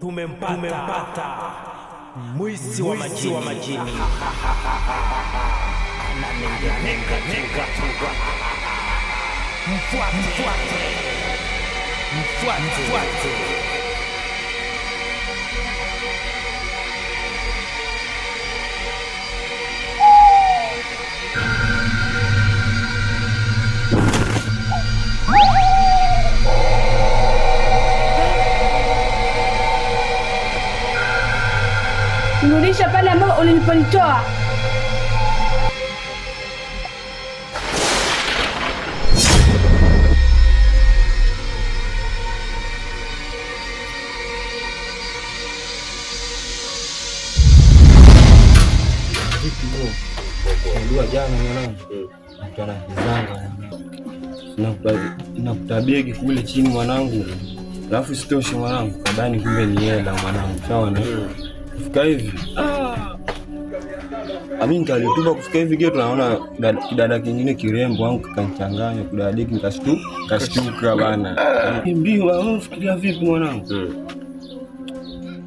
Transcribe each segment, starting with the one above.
Tumempata, tumempata mwizi wa majini, majini. Ananenga nenga tu, mfuate, mfuate, mfuate, mfuate. Nirudisha pale ambao uliniponitoa. Nakutabia kule chini mwanangu, alafu sitoshi mwanangu, kadhani kumbe ni hela mwanangu, sawa na kufika hivi ah. Aminta alituma kufika hivi geti, tunaona kidada kingine kirembo au kanchanganya kudadiki, kashtuka bana, kimbiwa fikiria vipi mwanangu? Hmm.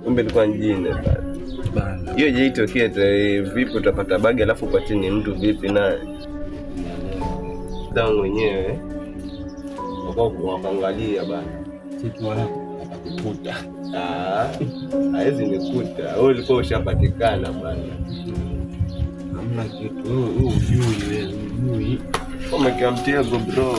Kumbe ilikuwa mjini bana. Hiyo je, itokee eh, vipi? Utapata bagi alafu upatie ni mtu vipi? Naye mwenyewe kuangalia bana nikuta hawezi ah, nikuta. Wewe ulikuwa ushapatikana bwana, hamna kitu. Ujui mekea mtego bro,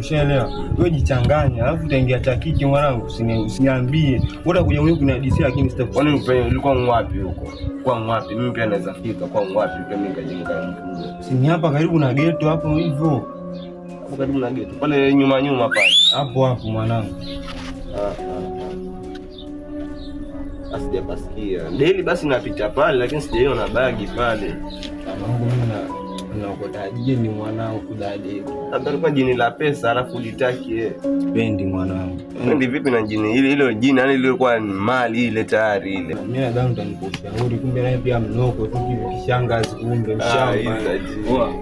ushaelewa? Wewe jichanganya, alafu utaingia chakiki mwanangu, usiniambie utakuja huyu kunadisia, lakini sitakwani. Ulikuwa ngwapi huko? Kwa ngwapi? Mimi pia naweza fika kwa ngwapi? pia mimi kajenga sini hapa karibu na geto hapo hivyo, hapo karibu na geto pale nyuma nyuma pale hapo hapo mwanangu Asijapasikia ah, ah, ah. deli basi, napita pale lakini sijaiona bagi pale. Naokotaje? Ni mwanangu dadi, jini la pesa, alafu litaki Pendi mwanangu, pendi vipi na jini ile ile jini, yani ilikuwa mali ile tayari ile. Mimi nadhani utanikushauri, kumbe naye pia mnoko tu, kishangazi kumbe mshamba.